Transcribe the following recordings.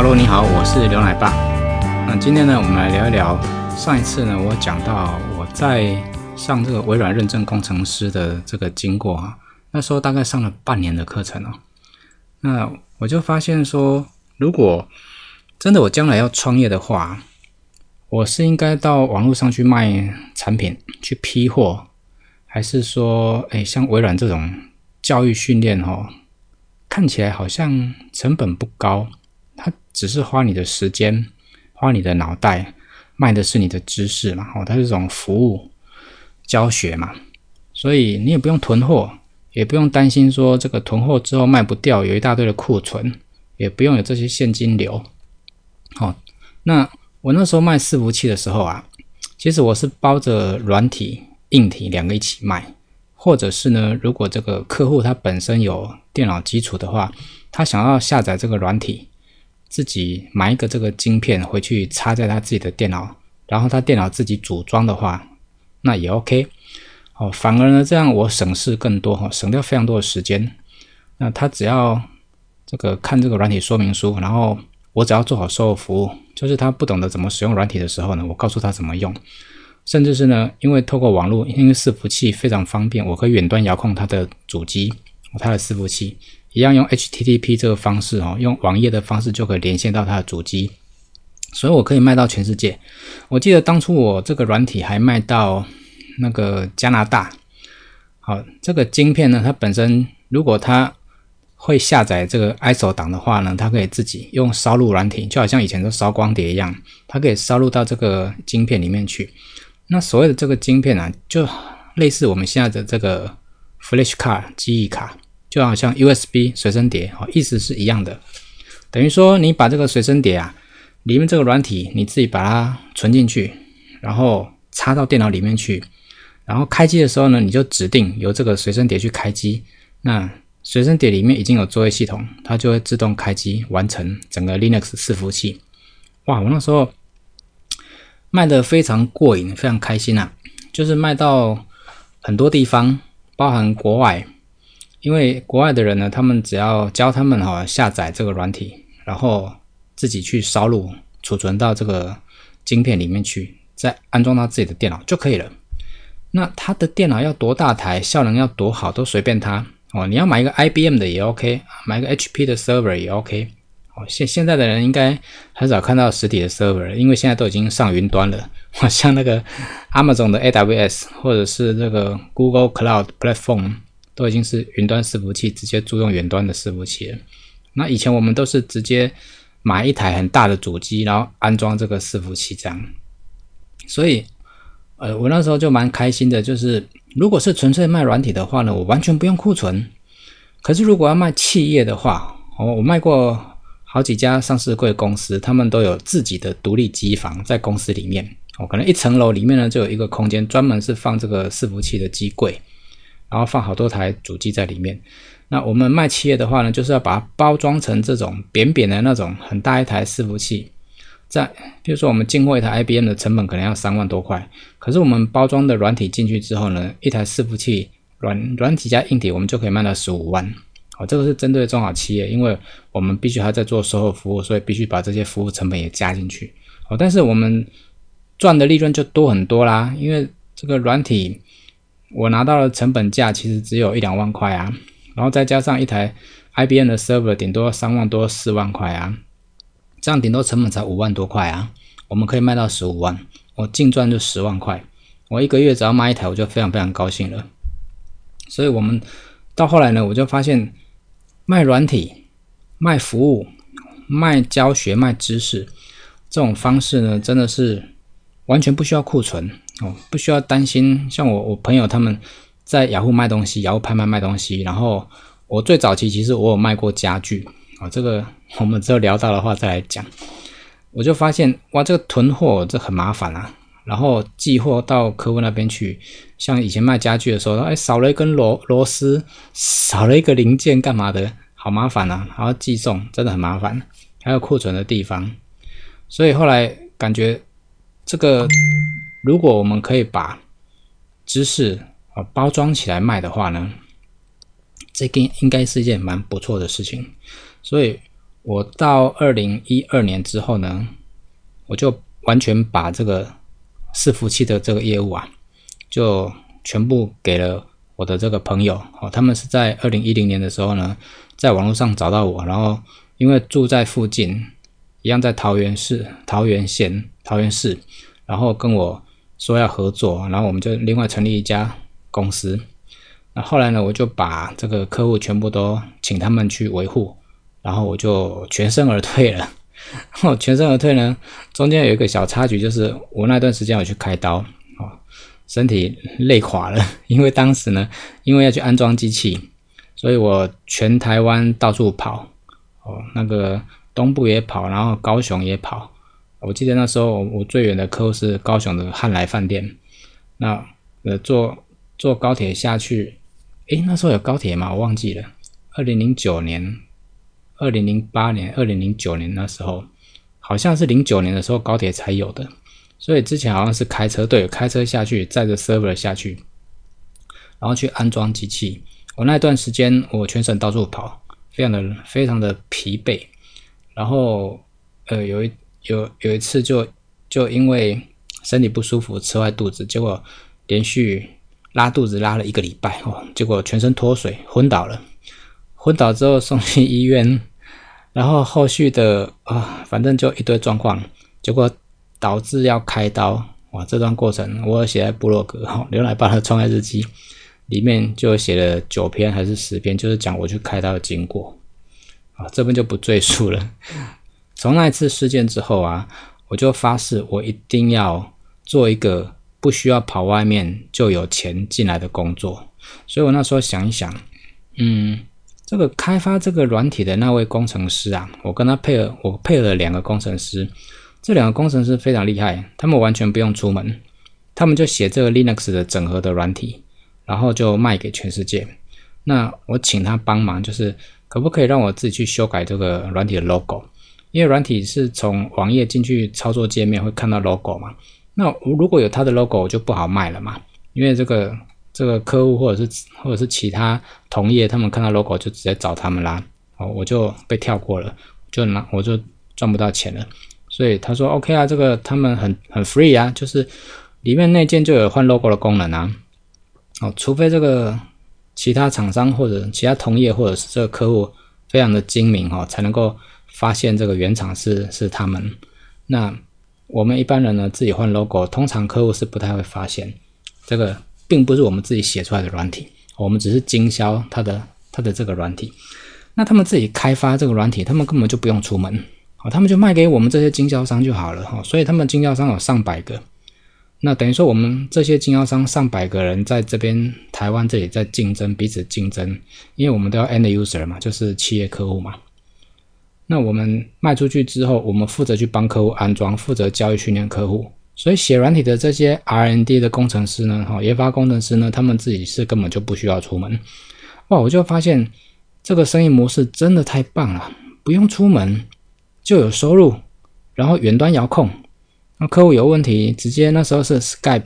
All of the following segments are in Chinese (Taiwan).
Hello，你好，我是劉奶爸。那今天呢，我們來聊一聊上一次呢，我講到我在上這個微軟認證工程師的這個經過啊。那時候大概上了半年的課程喔。那我就發現說，如果真的我將來要創業的話，我是應該到網絡上去賣產品，去批貨，還是說，欸，像微軟這種教育訓練哦，看起來好像成本不高。它只是花你的時間，花你的腦袋，賣的是你的知識嘛，哦，它是一種服務教學嘛，所以你也不用囤貨，也不用擔心說這個囤貨之後賣不掉，有一大堆的庫存，也不用有這些現金流。哦，那我那時候賣伺服器的時候啊，其實我是包着軟體、硬體兩個一起賣，或者是呢，如果這個客戶他本身有電腦基礎的話，他想要下載這個軟體。自己買一個這個晶片回去插在他自己的電腦，然後他電腦自己組裝的話，那也 OK。哦，反而呢這樣我省事更多哈，省掉非常多的時間。那他只要這個看這個軟體說明書，然後我只要做好售後服務，就是他不懂得怎麼使用軟體的時候呢，我告訴他怎麼用。甚至是呢，因為透過網絡，因為伺服器非常方便，我可以遠端遙控他的主機，他的伺服器。一樣用 HTTP 這個方式哦，用網頁的方式就可以連線到它的主機，所以我可以賣到全世界。我記得當初我這個軟體還賣到那個加拿大。好，這個晶片呢，它本身如果它會下載這個 ISO 檔的話呢，它可以自己用燒錄軟體，就好像以前的燒光碟一樣，它可以燒錄到這個晶片裡面去。那所謂的這個晶片啊，就類似我們現在的這個 Flash 卡、記憶卡。就好像 USB 隨身碟哦，意思是一樣的。等於說你把這個隨身碟啊，裡面這個軟體你自己把它存進去，然後插到電腦裡面去，然後開機的時候呢，你就指定由這個隨身碟去開機。那隨身碟裡面已經有作業系統，它就會自動開機，完成整個 Linux 伺服器。哇，我那時候賣的非常過癮，非常開心啊！就是賣到很多地方，包含國外。因為國外的人呢，他們只要教他們哈、哦、下載這個軟體，然後自己去燒錄、儲存到這個晶片裡面去，再安裝到自己的電腦就可以了。那他的電腦要多大台、效能要多好都隨便他哦。你要買一個 IBM 的也 OK，買一個 HP 的 server 也 OK。哦，現現在的人應該很少看到實體的 server，因為現在都已經上雲端了。像那個 Amazon 的 AWS 或者是那個 Google Cloud Platform。都已經是雲端伺服器，直接租用雲端的伺服器了。那以前我們都是直接買一台很大的主機，然後安裝這個伺服器這樣。所以，呃，我那時候就蠻開心的，就是如果是純粹賣軟體的話呢，我完全不用庫存。可是如果要賣企業的話，哦，我賣過好幾家上市櫃公司，他們都有自己的獨立機房在公司裡面。哦，可能一層樓裡面呢就有一個空間專門是放這個伺服器的機櫃。然後放好多台主機在裡面，那我們賣企業的話呢，就是要把它包裝成這種扁扁的那種很大一台伺服器，在比如說我們進貨一台 IBM 的成本可能要三萬多塊，可是我們包裝的軟體進去之後呢，一台伺服器軟軟體加硬體，我們就可以賣到十五萬。好，這個是針對中小企業，因為我們必須還在做售後服務，所以必須把這些服務成本也加進去。好，但是我們賺的利潤就多很多啦，因為這個軟體。我拿到的成本價其實只有一兩萬塊啊，然後再加上一台 IBM 的 Server，頂多三萬多四萬塊啊，這樣頂多成本才五萬多塊啊，我們可以賣到十五萬，我淨賺就十萬塊，我一個月只要賣一台，我就非常非常高興了。所以我們到後來呢，我就發現賣軟體、賣服務、賣教學、賣知識這種方式呢，真的是完全不需要庫存。哦，不需要擔心。像我，我朋友他們，在雅虎賣東西，雅虎拍賣賣東西。然後我最早期其實我有賣過家具啊、哦，這個我們之後聊到的話再來講。我就發現哇，這個囤貨這很麻煩啊。然後寄貨到客戶那邊去，像以前賣家具的時候，哎，少了一根螺螺絲，少了一個零件，幹嘛的？好麻煩啊！然後寄送真的很麻煩，還有庫存的地方。所以後來感覺這個。如果我們可以把知識啊包裝起來賣的話呢，這個應該是一件蠻不錯的事情。所以我到二零一二年之後呢，我就完全把這個伺服器的這個業務啊，就全部給了我的這個朋友哦。他們是在二零一零年的時候呢，在網絡上找到我，然後因為住在附近，一樣在桃園市、桃園縣、桃園市，然後跟我。說要合作，然後我們就另外成立一家公司。那後來呢，我就把這個客戶全部都請他們去維護，然後我就全身而退了。哦，全身而退呢，中間有一個小插曲，就是我那段時間我去開刀，哦，身體累垮了。因為當時呢，因為要去安裝機器，所以我全台灣到處跑，哦，那個東部也跑，然後高雄也跑。我記得那時候我最遠的客戶是高雄的漢來飯店，那呃坐坐高鐵下去，誒，那時候有高鐵嗎？我忘記了。二零零九年、二零零八年、二零零九年那時候，好像是零九年的時候高鐵才有的，所以之前好像是開車，對，開車下去載着 server 下去，然後去安裝機器。我那段時間我全省到處跑，非常的非常的疲憊，然後呃有一。有有一次就，就就因為身體不舒服，吃壞肚子，結果連續拉肚子拉了一個禮拜哦，結果全身脫水，昏倒了。昏倒之後送去醫院，然後後續的啊、哦，反正就一堆狀況，結果導致要開刀。哇，這段過程我寫在部落格哦，劉奶爸的創開日記裡面就寫了九篇還是十篇，就是講我去開刀的經過。啊、哦，這邊就不贅述了。 從那次事件之後啊，我就發誓，我一定要做一個不需要跑外面就有錢進來的工作。所以我那時候想一想，嗯，這個開發這個軟體的那位工程師啊，我跟他配合，我配合了兩個工程師，這兩個工程師非常厲害，他們完全不用出門，他們就寫這個 Linux 的整合的軟體，然後就賣給全世界。那我請他幫忙，就是可不可以讓我自己去修改這個軟體的 logo？因為軟體是從網頁進去操作界面會看到 logo 嘛，那如果有它的 logo 我就不好賣了嘛，因為這個這個客戶或者是或者是其他同業，他們看到 logo 就直接找他們啦，哦，我就被跳過了，就拿我就賺不到錢了，所以他說 OK 啊，這個他們很很 free 啊，就是裡面內建就有換 logo 的功能啊，哦，除非這個其他廠商或者其他同業或者是這個客戶非常的精明哦，才能夠。發現這個原廠是是他們，那我們一般人呢，自己換 logo，通常客戶是不太會發現，這個並不是我們自己寫出來的軟體，我們只是經銷他的他的這個軟體。那他們自己開發這個軟體，他們根本就不用出門，哦，他們就賣給我們這些經銷商就好了哈，哦。所以他們經銷商有上百個，那等於說我們這些經銷商上百個人在這邊台灣這裡在競爭，彼此競爭，因為我們都要 end user 嘛，就是企業客戶嘛。那我們賣出去之後，我們負責去幫客戶安裝，負責教育訓練客戶。所以寫軟體的這些 R&D 的工程師呢，哈，研發工程師呢，他們自己是根本就不需要出門。哇，我就發現這個生意模式真的太棒了，不用出門就有收入，然後遠端遙控，那客戶有問題，直接那時候是 Skype，Skype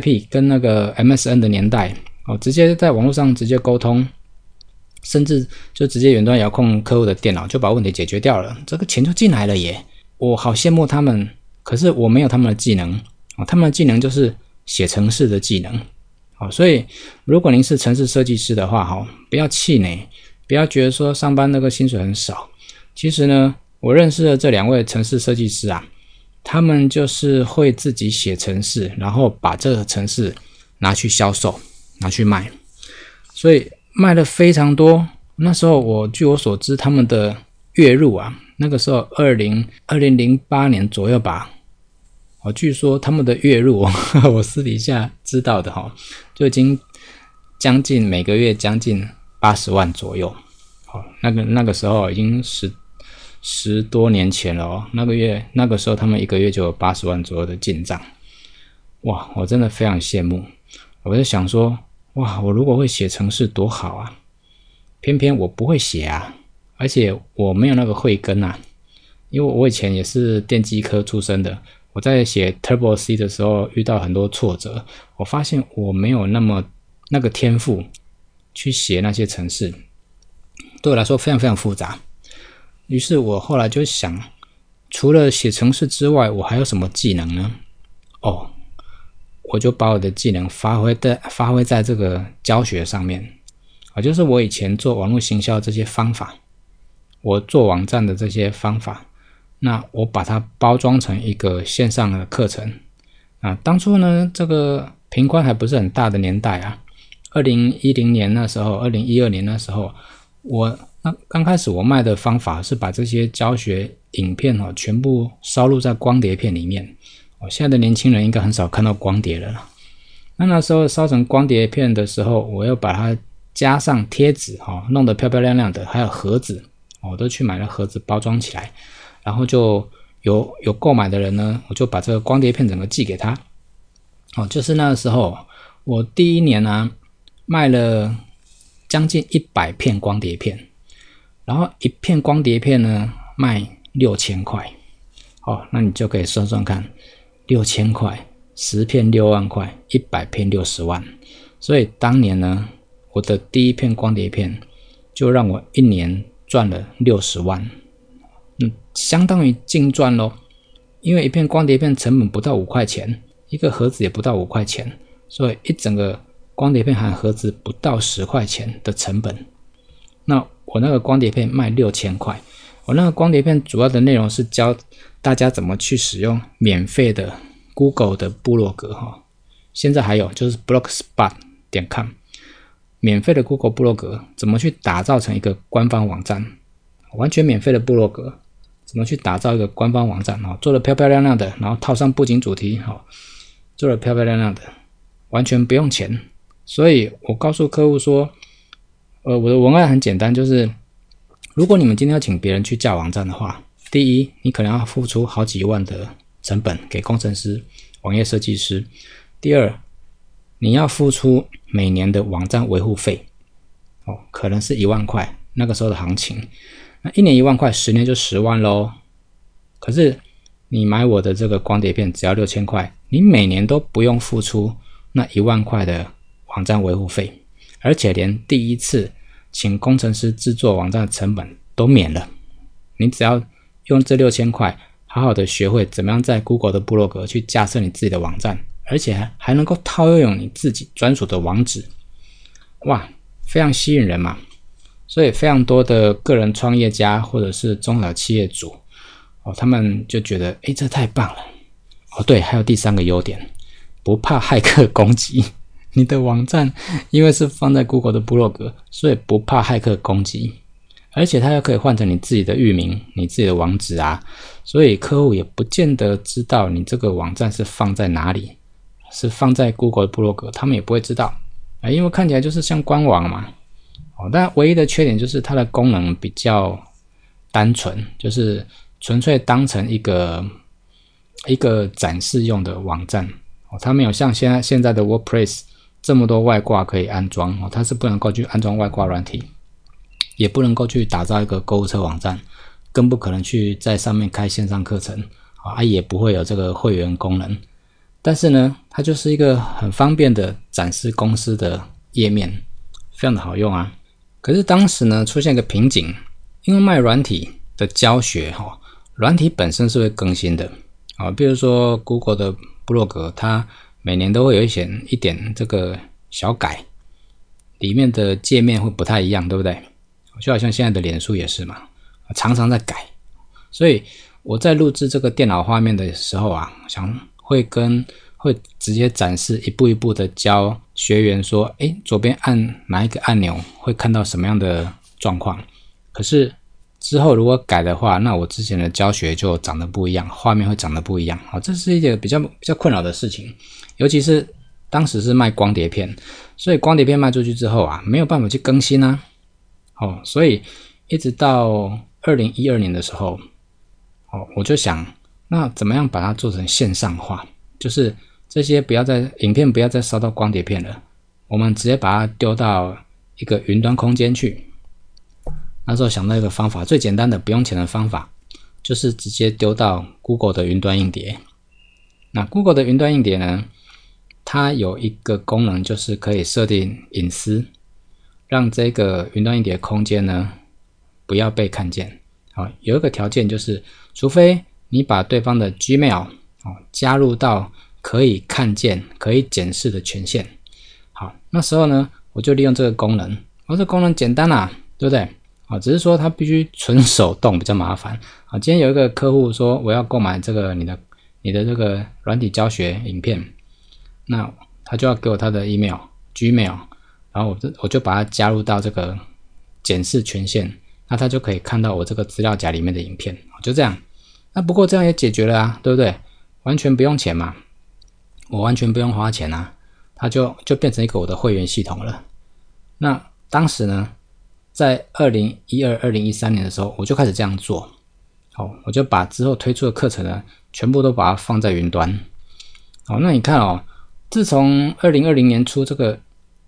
Skype 跟那個 MSN 的年代，哦，直接在網絡上直接溝通。甚至就直接遠端遙控客戶的電腦，就把問題解決掉了，這個錢就進來了耶！我好羨慕他們，可是我沒有他們的技能哦，他們的技能就是寫程式的技能哦，所以如果您是程式設計師的話，哈，不要氣餒，不要覺得說上班那個薪水很少。其實呢，我認識的這兩位程式設計師啊，他們就是會自己寫程式，然後把這個程式拿去銷售，拿去賣，所以。賣的非常多，那時候我據我所知，他們的月入啊，那個時候二零二零零八年左右吧，我、哦、據說他們的月入，呵呵我私底下知道的哈、哦，就已經將近每個月將近八十萬左右。好、哦，那個那個時候已經十十多年前了哦，那個月那個時候他們一個月就有八十萬左右的進賬，哇，我真的非常羨慕，我就想說。哇！我如果會寫程式多好啊，偏偏我不會寫啊，而且我沒有那個慧根吶。因為我以前也是電機科出身的，我在寫 Turbo C 的時候遇到很多挫折，我發現我沒有那麼那個天賦去寫那些程式，對我來說非常非常複雜。於是，我後來就想，除了寫程式之外，我還有什麼技能呢？哦。我就把我的技能發揮在發揮在這個教學上面啊，就是我以前做網絡行銷的這些方法，我做網站的這些方法，那我把它包裝成一個線上的課程啊。當初呢，這個頻寬還不是很大的年代啊，二零一零年那時候，二零一二年那時候，我那、啊、剛開始我賣的方法是把這些教學影片哈、哦、全部燒錄在光碟片裡面。現在的年輕人應該很少看到光碟了，那那時候燒成光碟片的時候，我要把它加上貼紙，哈，弄得漂漂亮亮的，還有盒子，我都去買了盒子包裝起來，然後就有有購買的人呢，我就把這個光碟片整個寄給他。哦，就是那個時候，我第一年呢，啊，賣了將近一百片光碟片，然後一片光碟片呢賣六千塊，哦，那你就可以算算看。六千塊，十片六萬塊，一百片六十萬。所以當年呢，我的第一片光碟片就讓我一年賺了六十萬，嗯，相當於淨賺嘍。因為一片光碟片成本不到五塊錢，一個盒子也不到五塊錢，所以一整個光碟片含盒子不到十塊錢的成本。那我那個光碟片賣六千塊。我那個光碟片主要的內容是教大家怎麼去使用免費的 Google 的部落格哈，現在還有就是 blogspot 點 com，免費的 Google 部落格怎麼去打造成一個官方網站，完全免費的部落格怎麼去打造一個官方網站啊，做的漂漂亮亮的，然後套上布景主題，好，做的漂漂亮亮的，完全不用錢，所以我告訴客戶說，呃，我的文案很簡單，就是。如果你們今天要請別人去架網站的話，第一，你可能要付出好幾萬的成本給工程師、網頁設計師；第二，你要付出每年的網站維護費，哦，可能是一萬塊，那個時候的行情，那一年一萬塊，十年就十萬嘍。可是你買我的這個光碟片只要六千塊，你每年都不用付出那一萬塊的網站維護費，而且連第一次。請工程師製作網站的成本都免了，你只要用這六千塊，好好的學會怎麼樣在 Google 的部落格去架設你自己的網站，而且還能夠套用你自己專屬的網址，哇，非常吸引人嘛！所以非常多的個人創業家或者是中小企業主，哦，他們就覺得，誒，這太棒了。哦，對，還有第三個優點，不怕駭客攻擊。你的網站因為是放在 Google 的部落格，所以不怕駭客攻擊，而且它又可以換成你自己的域名、你自己的網址啊，所以客戶也不見得知道你這個網站是放在哪裡，是放在 Google 的部落格，他們也不會知道，啊、哎，因為看起來就是像官網嘛。哦，但唯一的缺點就是它的功能比較單純，就是純粹當成一個一個展示用的網站，哦，它沒有像現在現在的 WordPress。這麼多外掛可以安裝，哦，它是不能夠去安裝外掛軟體，也不能夠去打造一個購物車網站，更不可能去在上面開線上課程，哦，啊，也不會有這個會員功能。但是呢，它就是一個很方便的展示公司的頁面，非常的好用啊。可是當時呢，出現一個瓶頸，因為賣軟體的教學哈，哦，軟體本身是會更新的啊，哦，比如說 Google 的 blog，它。每年都會有一些一點這個小改，裡面的界面會不太一樣，對不對？就好像現在的臉書也是嘛，常常在改。所以我在錄製這個電腦畫面的時候啊，想會跟會直接展示一步一步的教學員說，哎，左邊按哪一個按鈕會看到什麼樣的狀況？可是。之後如果改的話，那我之前的教學就長得不一樣，畫面會長得不一樣。好，這是一件比較比較困擾的事情，尤其是當時是賣光碟片，所以光碟片賣出去之後啊，沒有辦法去更新啊。哦，所以一直到二零一二年的時候，哦，我就想，那怎麼樣把它做成線上化？就是這些不要再影片不要再燒到光碟片了，我們直接把它丟到一個雲端空間去。那時候想到一個方法，最簡單的不用錢的方法，就是直接丟到 Google 的雲端硬碟。那 Google 的雲端硬碟呢，它有一個功能，就是可以設定隱私，讓這個雲端硬碟空間呢，不要被看見。好，有一個條件就是，除非你把對方的 Gmail 哦，加入到可以看見、可以檢視的權限。好，那時候呢，我就利用這個功能，而，哦，這個功能簡單啦，啊，對不對？啊，只是說他必須純手動比較麻煩啊。今天有一個客戶說，我要購買這個你的你的這個軟體教學影片，那他就要給我他的 email，Gmail，然後我就我就把它加入到這個檢視權限，那他就可以看到我這個資料夾裡面的影片，就這樣。那不過這樣也解決了啊，對不對？完全不用錢嘛，我完全不用花錢啊，他就就變成一個我的會員系統了。那當時呢？在二零一二、二零一三年的時候，我就開始這樣做。好，我就把之後推出的課程呢，全部都把它放在雲端。好，那你看哦，自從二零二零年初這個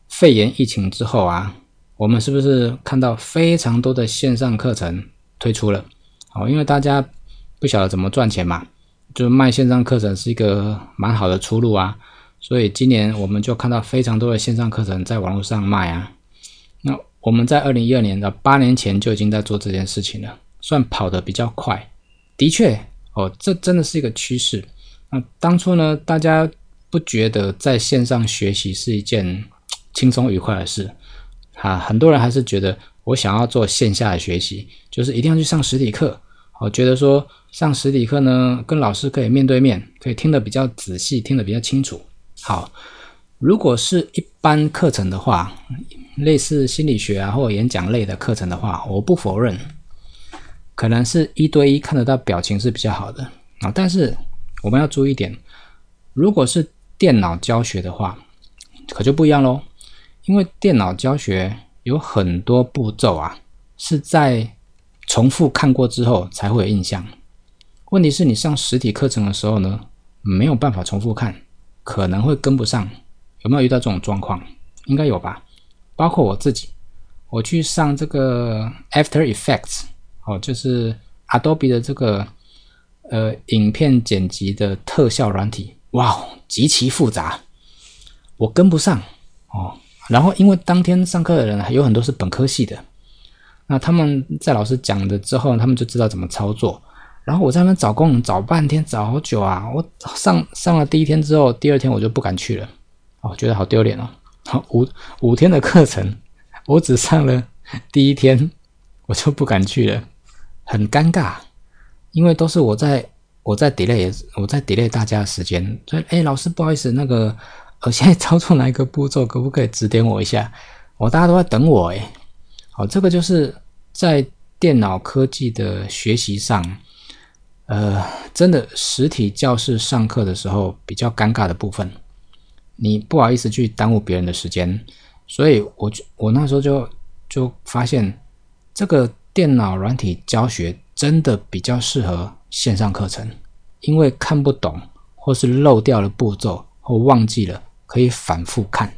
肺炎疫情之後啊，我們是不是看到非常多的線上課程推出了？好，因為大家不曉得怎麼賺錢嘛，就賣線上課程是一個蠻好的出路啊。所以今年我們就看到非常多的線上課程在網絡上賣啊。我們在二零一二年的八年前就已經在做這件事情了，算跑得比較快。的確，哦，這真的是一個趨勢。那、嗯、當初呢，大家不覺得在線上學習是一件輕鬆愉快的事？哈、啊，很多人還是覺得我想要做線下的學習，就是一定要去上實體課。我、哦、覺得說上實體課呢，跟老師可以面對面，可以聽得比較仔細，聽得比較清楚。好，如果是一般課程的話。類似心理學啊或者演講類的課程的話，我不否認，可能是一對一看得到表情是比較好的啊。但是我們要注意一點，如果是電腦教學的話，可就不一樣嘍。因為電腦教學有很多步驟啊，是在重複看過之後才會有印象。問題是你上實體課程的時候呢，沒有辦法重複看，可能會跟不上。有沒有遇到這種狀況？應該有吧。包括我自己，我去上這個 After Effects，哦，就是 Adobe 的這個呃影片剪輯的特效軟體，哇哦，極其複雜，我跟不上哦。然後因為當天上課的人還有很多是本科系的，那他們在老師講的之後，他們就知道怎麼操作。然後我在那邊找工，找半天，找好久啊。我上上了第一天之後，第二天我就不敢去了，哦，覺得好丟臉哦。好，五五天的課程，我只上了第一天，我就不敢去了，很尷尬，因為都是我在我在 delay，我在 delay 大家的時間，所以哎，老師不好意思，那個我現在操作哪一個步驟，可不可以指點我一下？我大家都在等我誒。好，這個就是在電腦科技的學習上，呃，真的實體教室上課的時候比較尷尬的部分。你不好意思去耽誤別人的時間，所以我就我那時候就就發現，這個電腦軟體教學真的比較適合線上課程，因為看不懂或是漏掉了步驟或忘記了，可以反覆看。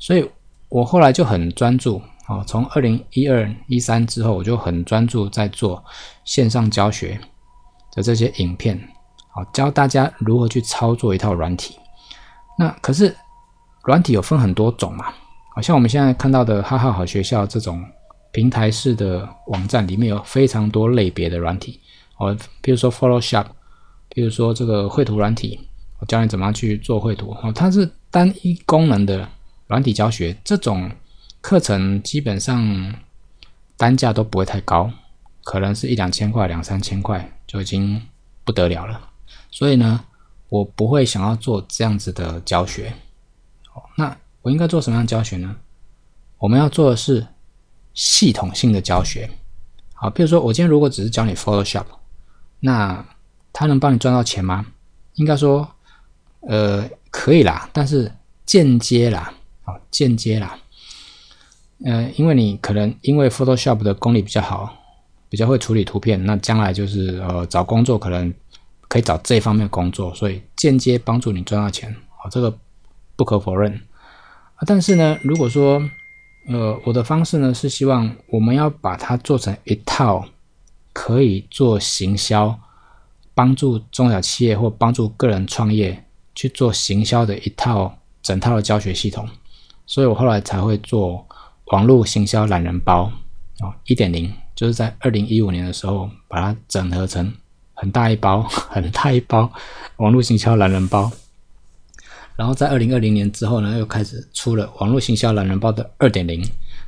所以我後來就很專注啊，從二零一二一三之後，我就很專注在做線上教學的這些影片，好教大家如何去操作一套軟體。那可是軟體有分很多種嘛，好像我們現在看到的“哈哈好學校”這種平台式的網站，裡面有非常多類別的軟體，哦，比如說 Photoshop，比如說這個繪圖軟體，我教你怎麼樣去做繪圖，哦，它是單一功能的軟體教學，這種課程基本上單價都不會太高，可能是一兩千塊、兩三千塊就已經不得了了，所以呢。我不會想要做這樣子的教學，那我應該做什麼樣的教學呢？我們要做的是系統性的教學。好，比如說我今天如果只是教你 Photoshop，那他能幫你賺到錢嗎？應該說，呃，可以啦，但是間接啦，間接啦。呃，因為你可能因為 Photoshop 的功力比較好，比較會處理圖片，那將來就是呃找工作可能。可以找這方面工作，所以間接幫助你賺到錢，這個不可否認。啊，但是呢，如果說，呃，我的方式呢是希望我們要把它做成一套可以做行銷，幫助中小企業或幫助個人創業去做行銷的一套整套的教學系統。所以我後來才會做網絡行銷懶人包，啊，一點零，就是在二零一五年的時候把它整合成。很大一包，很大一包，網絡行銷懶人包。然後在二零二零年之後呢，又開始出了網絡行銷懶人包的二點零。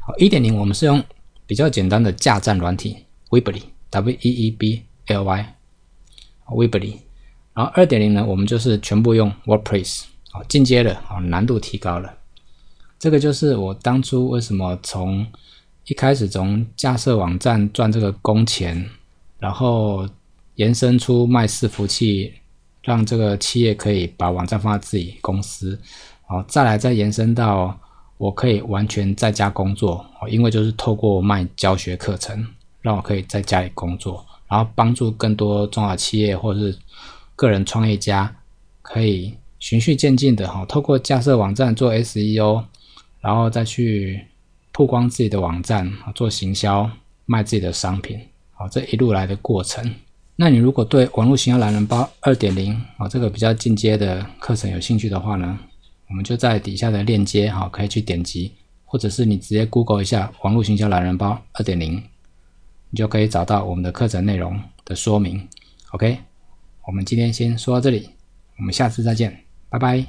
好，一點零我們是用比較簡單的架站軟體，Weebly，W-E-E-B-L-Y，Weebly。然後二點零呢，我們就是全部用 WordPress，好，進階了，好，難度提高了。這個就是我當初為什麼從一開始從架設網站賺這個工錢，然後。延伸出賣伺服器，讓這個企業可以把網站放在自己公司，哦，再來再延伸到我可以完全在家工作，哦，因為就是透過賣教學課程，讓我可以在家裡工作，然後幫助更多中小企業或者是個人創業家，可以循序漸進的哈，透過架設網站做 SEO，然後再去曝光自己的網站，做行銷，賣自己的商品，好，這一路來的過程。那你如果對網路行銷懶人包二點零啊，這個比較進階的課程有興趣的話呢，我們就在底下的鏈接哈，可以去點擊，或者是你直接 Google 一下網路行銷懶人包二點零，你就可以找到我們的課程內容的說明。OK，我們今天先說到這裡，我們下次再見，拜拜。